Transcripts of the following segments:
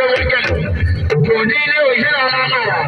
domin kyau. To ni ne wa shi na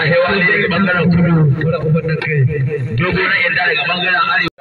a hewa ne daga bangaren kudu dogo na yanda daga bangaren arewa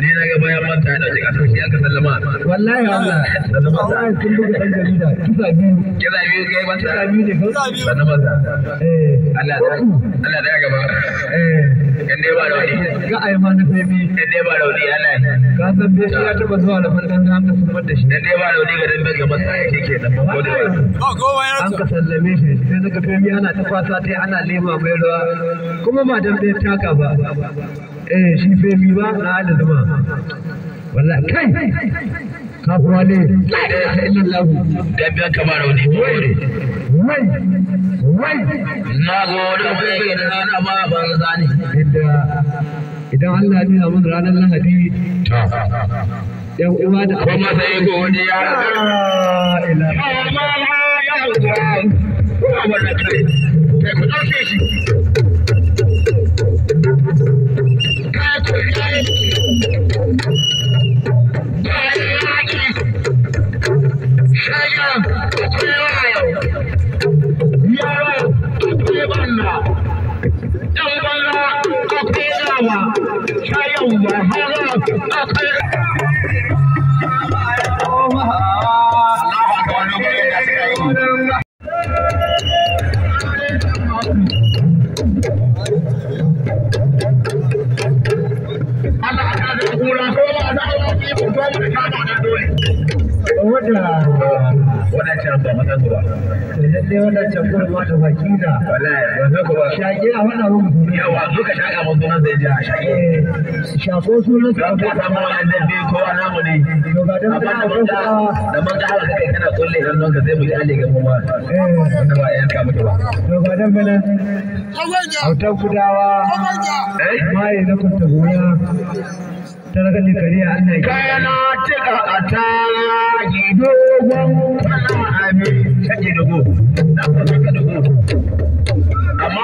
ni na ga bayan manta ya dauki kasar aka sallama wallahi Allah sallama sa ai sun buga dan jarida kisa biyu kisa biyu biyu ne kisa biyu sallama sa eh Allah da Allah da gaba eh kan dai ba rauni ga ai ma na femi kan dai ba rauni Allah ka san dai shi ya taba zuwa da farkan da aka sun da shi kan dai ba rauni ga dambe ga masa yake kenan ba ko da ba ko an ka sallame shi sai daga femi ana tafasa tai ana lema mai ruwa kuma ma dambe ta ka ba eh shi femi ba na da zuma wallahi kai kafuwa ne illallahu da biyan kamar rauni wai wai wai na gode bai da rana ba ban zani idan Allah ya nuna mun ranar Lahadi yan uwa da abu ma sai godiya ila Allah ya ko wannan kai kai ku dauke shi Thank you. ina faɗa muku yawa suka shaƙa ma sunan da ya shaƙe eh, shaƙo sunan ka ka samu wannan bi ko alamu ne to ga dan ka ka da man ka haka kai kana kulle hannun ka sai mu kyale ga mu ma eh. wanda ba yanka mutu ba to ga dan bala autan kudawa eh? mai na kunta darakali a Allah ya kana tika ata gido gon kana abi kaje da go na ka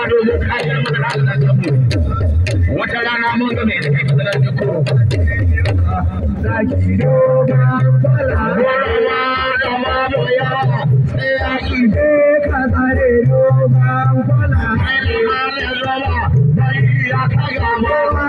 dogo kayan mana Allah ta mu wata rana mun ga mai da kai da ko bala da ma boya sai a ka ma ne zama bai ya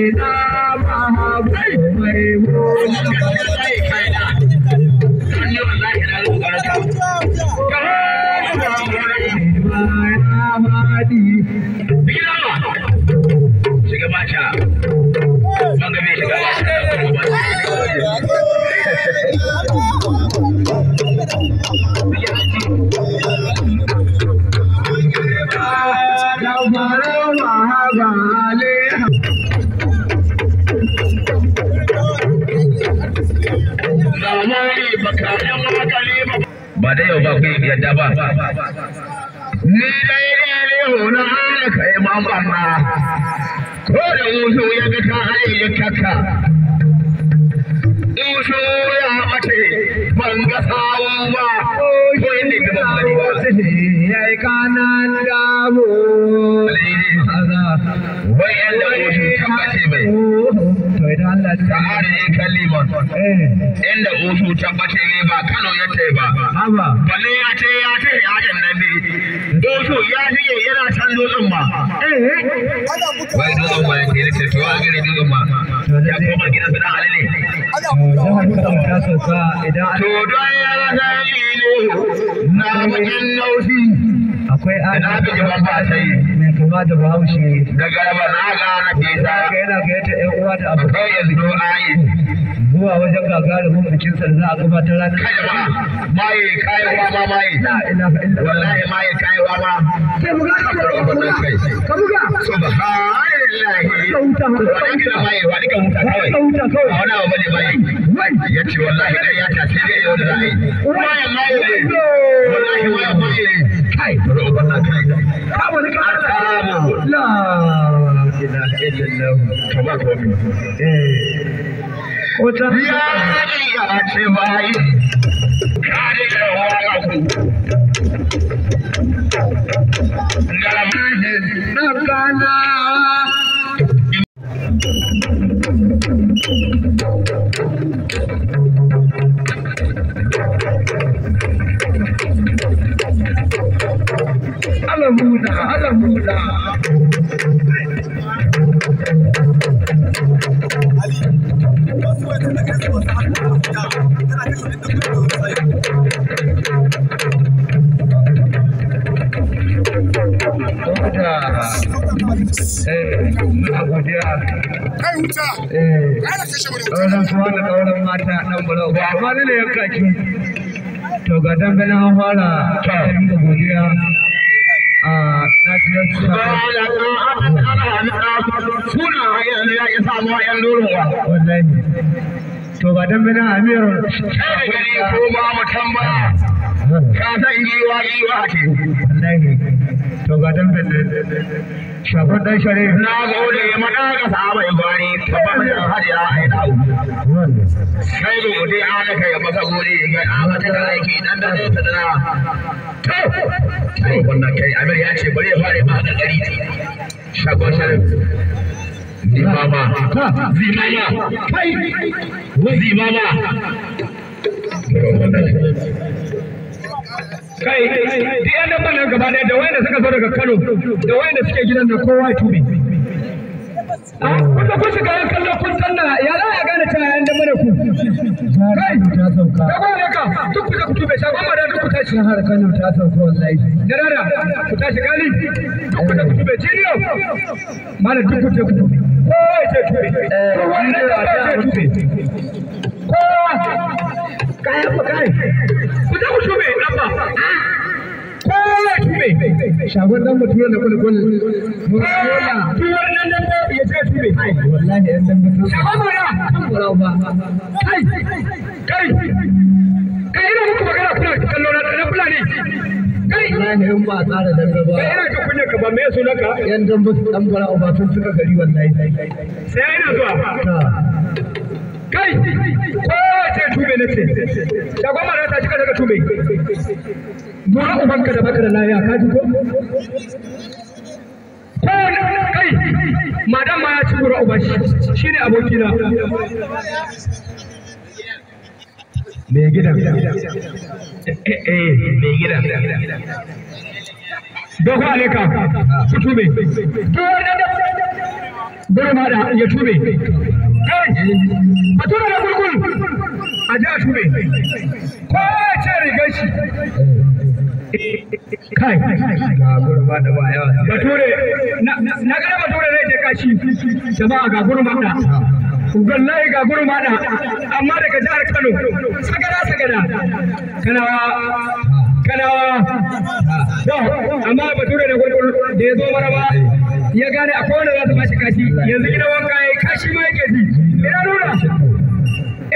ina mahabai mai mota ba da yau ba ku yadda ba ni dai ne hona kai mamman ma ko da wuzu ya ga ta ayi kakka wuzu ya mace ban ga sawu ba ko inda da ban bari ya yi kanan damu wai yanda wuzu ta mace mai to idan Allah eh. ta hari ya kalliman inda osu ne ba Kano ya tai ba haba balle ya ce ya ce ya jannan ne osu ya shige yana can dutsen ma wai dutsen ma yake ne to a gare dutsen ma ya koma gidan su dan alale to don ya ga ne na bakin nausi akwai a na bi ba ba yi. ma da bahaushe daga banaga na fesa yana gayyata yan uwa da ya ayi zuwa wajen bikin sa za a gabatar ranar la ilaha illa wallahi sai ka buga subhanallahi wa wani bane wallahi ya ta sai dai yau da za a wallahi kai bari uban na kai ka wani ka la ilaha illallah to ko mi eh wata ya ga ce bai ka ne ga wani ku na ne na kana ɗauran suwa da ɗauran mata ɗan bulau ba ne to ga dambe na an fara kyakkyawan da suna hanyar ya isa mu wa'yan dorewa wallahi to ga dambe na amir sai da gani ko ba mu tambaya ka san giwa giwa ce wallahi to ga dan belle shafar dan sharif na gode mana ga sabai gwari sabban da har ya ai dawo sai da mutai ana kai masa gode ga a hada da aiki dan da ta dana to kai wannan kai amir ya ce bari ya fare ma da gari shafar sharif zimama zimama kai zimama kai duk yan dabban nan gaba ɗaya da suka zo daga Kano da da suke gidan da kowa tuni a kuma kun shiga yan kallo kun sanna ya za a gane cewa yan dabban ku kai ta sauka da ba raka duk ku da ku tube shagon da duk ku tashi har Kano ta sauka wallahi da rara ku tashi gali duk da ku tube jiniyo mara duk ku tube kowa ya ce tube eh, wannan da ba ya tube kowa kai ku kai ku je ku shube abba kowa shube shagon dan mutum yana kula kula mutuna ah, tuwar nan dan ya ce shube wallahi yan dan mutum shagon mura kan mura ba kai kai kai ina muku magana kuna kallo na dan fulani kai wallahi in ba tsara dan ba kai ina ka kunya ka ba me su naka yan dan dan mura ba tun suka gari wallahi sai ina zuwa kai ko ce tube na ce da gwamna ta cika daga tube nuna ubanka da baka da laya ka ji ko ko kai madan ma ya ci gura uba shi shine abokina mai gidan eh, eh eh mai gidan dogo aleka tube to da da ya tube a tura da kulkul a ji a ko ce rigar kai ga gurma da ba bature na gane bature ne ke kashi jama'a ga gurma da ugan layi ga ba da amma daga jihar Kano sagara sagara kana, kanawa amma bature da kulkul da ya zo maraba ya gane a kowane za su bashi kashi yanzu gidan wanka ya yi kashi ma yake ji ina nuna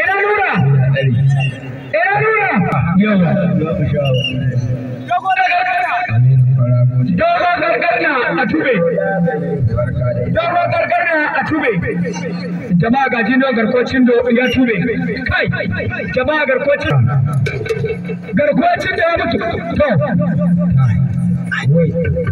ina nuna ina nuna yawa dogo gargarna a tube dogo gargarna a tube jama'a gaji no garkocin do ya tube kai jama'a garkocin garkocin da ya mutu to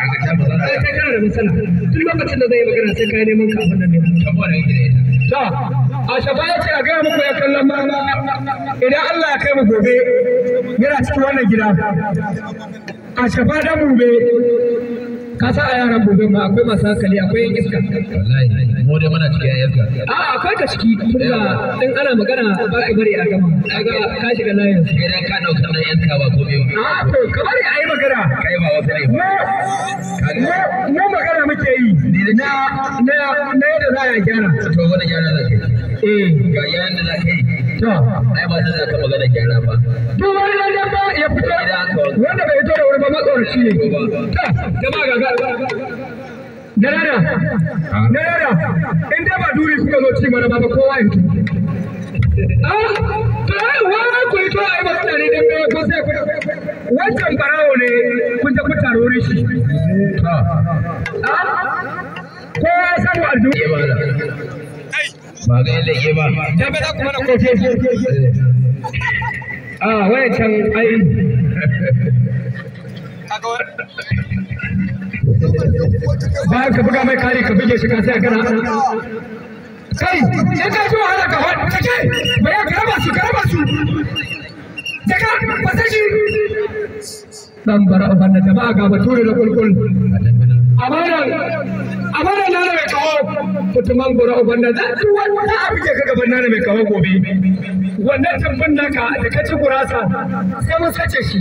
kana da lokacin da zai yi magana sai neman a shafa ya ce a gaya muku ya kallon ma idan Allah ya kai mu gobe yana cikin wannan gida a shafa mu be ka sa a yaran gobe ma akwai masu hankali akwai yin iska wallahi mu dai muna cikin iska a akwai ka ciki tunda in ana magana ba ka bari a gama kaga ka shiga layin sai dai ka dauka na yan iska ba ko biyu a to ka bari a yi magana kai ba wasu ne ba mu magana muke yi na na na yadda za a gyara to wani gyara za ka yi eh ga yaran da za ka yi ai ba zan magana gyara ba duk wani nan ba ya fito wanda bai fito da wani ba matsorci ne jama'a ga in dai ba duri suka zo ci mana ba kowa ya Ah, to ai wani ku yi ai ba tsare da me ko sai ku wancan barawo ne kun je ku taro shi. Ah, ba ga yadda ke ba ta ba za ku mana kofi a ah, wayancan ai ba ka buga mai kare ka buge shi ka sai kana kai sai ka ji wahala ka hon take ya ka su ka su daga fasashi dan bara ban da ba ga bature da kulkul amana nana mai kawo kutuman gora uban da zan wanda abuje ka gaban nana mai kawo gobe wannan tambun naka da ka ci gurasa sai mun sace shi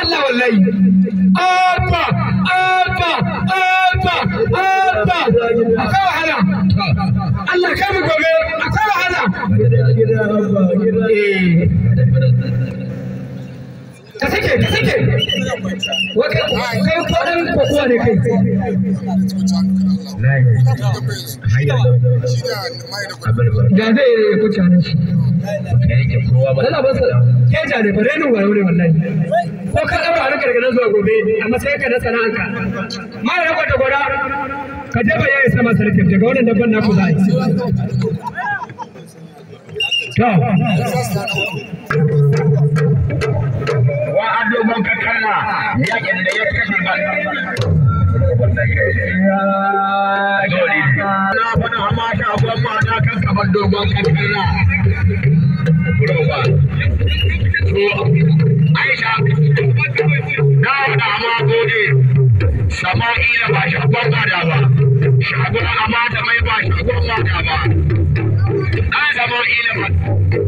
Allah wallahi abba abba abba abba akwai wahala Allah kai mu gobe akwai wahala eh. ta sake ta sake wata kai kwanan ne kai ko ka ɗaura ya je bayan sama daga wannan dabban naku yi wa an dogon kakalla yakin da ya kashe ba na faɗa hama shagon na kan kamar dogon kakalla Aisha, na faɗa hama gode, sama'ila ba shagon mata ba, shagon amata mai ba shagon mata ba, na sama'ila ba.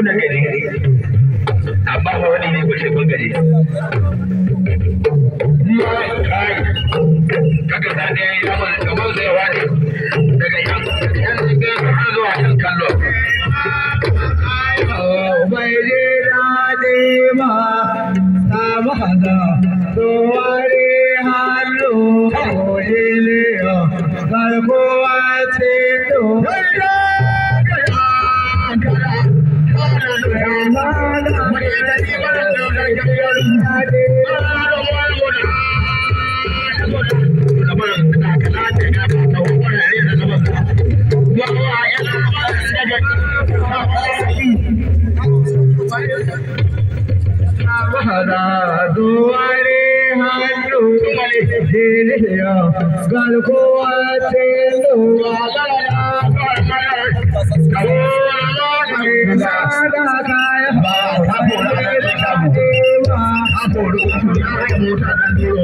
nuna gari amma wani ne ko shi gari Gal ko aate lo aala. mota na biyu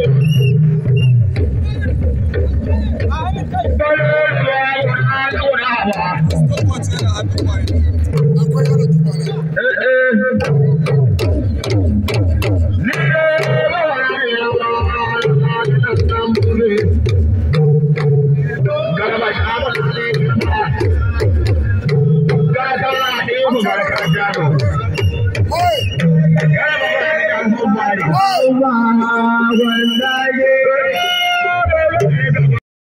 Thank you.